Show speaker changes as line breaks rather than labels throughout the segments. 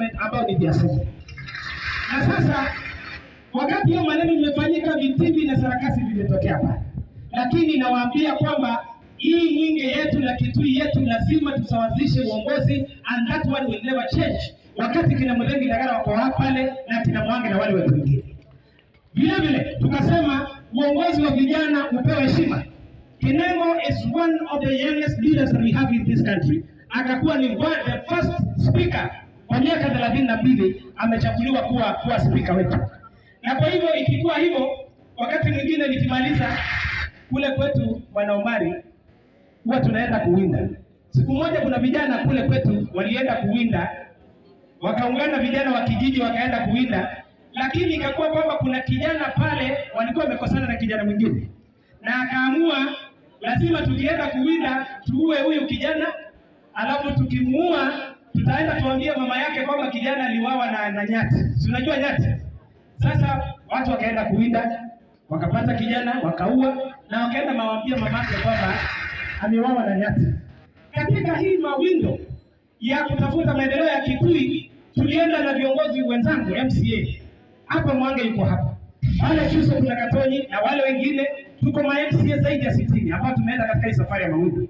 movement ambayo ni diaspora. Na sasa wakati hiyo maneno imefanyika, vitimbi na sarakasi vimetokea pale, lakini nawaambia kwamba hii Mwinge yetu na Kitui yetu lazima tusawazishe uongozi, and that one will never change. Wakati kina Mlengi Ndagara wako pale na kina Mwange na wale watu wengine vile vile, tukasema uongozi wa vijana upewe heshima. Kinengo is one of the youngest leaders that we have in this country. Akakuwa ni one, the first speaker kwa miaka thelathini na mbili amechaguliwa kuwa kuwa spika wetu, na kwa hivyo ikikuwa hivyo, wakati mwingine nikimaliza kule kwetu Mwanaomari huwa tunaenda kuwinda. Siku moja kuna vijana kule kwetu walienda kuwinda, wakaungana vijana wa kijiji wakaenda kuwinda, lakini ikakuwa kwamba kuna kijana pale walikuwa wamekosana na kijana mwingine, na akaamua lazima tukienda kuwinda tuue huyu kijana, alafu tukimuua tutaenda tuambie mama yake kwamba kijana aliuawa na, na nyati. Si Unajua nyati? Sasa watu wakaenda kuwinda, wakapata kijana, wakaua na wakaenda mawaambia mamake kwamba ameuawa na nyati. Katika hii mawindo ya kutafuta maendeleo ya Kitui tulienda na viongozi wenzangu MCA. Hapa Mwange yuko hapa. Wale Chuso kuna Katoni na wale wengine tuko ma MCA zaidi ya 60 hapa tumeenda katika hii safari ya mawindo.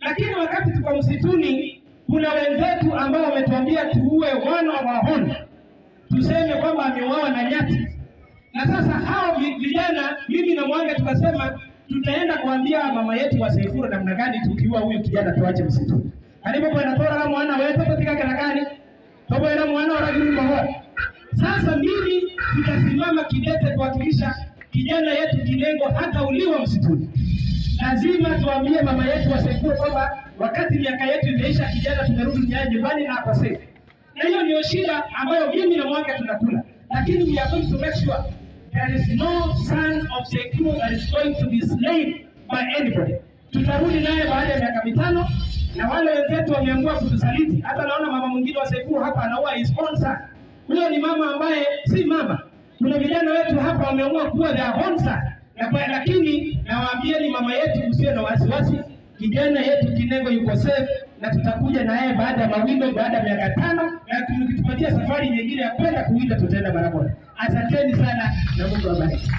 Lakini wakati tuko msituni kuna wenzetu ambao wametuambia tuue wana wa Wahona, tuseme kwamba ameuawa na nyati. Na sasa hao vijana, mimi na Mwange tukasema tutaenda kuambia mama yetu wa Saifura namna gani tukiua huyu kijana tuache msituni alipokwenda tora mwana wetu katika kana gani toboera mwana wa rajulu maho. Sasa mimi tutasimama kidete kuhakikisha kijana yetu Kinengo hata uliwa msituni. Lazima tuambie mama yetu wasekue kwamba wakati miaka yetu imeisha, kijana tumerudi duniani nyumbani na sasa. Na hiyo ndio shida ambayo mimi na mwanga tunakula, lakini we are going to make sure there is no son of Sekou that is going to be slain by anybody. Tutarudi naye baada ya miaka mitano, na wale wenzetu wameamua kutusaliti. Hata naona mama mwingine wa Sekou hapa anaua his own son. Huyo ni mama ambaye si mama. Kuna vijana wetu hapa wameamua kuwa their own son na lakini nawaambieni mama yetu, usiwe na wasiwasi, kijana yetu Kinengo yuko safe na tutakuja yeye baada ya mawindo, baada ya miaka tano, na tukitupatia safari nyingine ya kwenda kuwinda tutaenda mara moja. Asanteni sana na Mungu awabariki.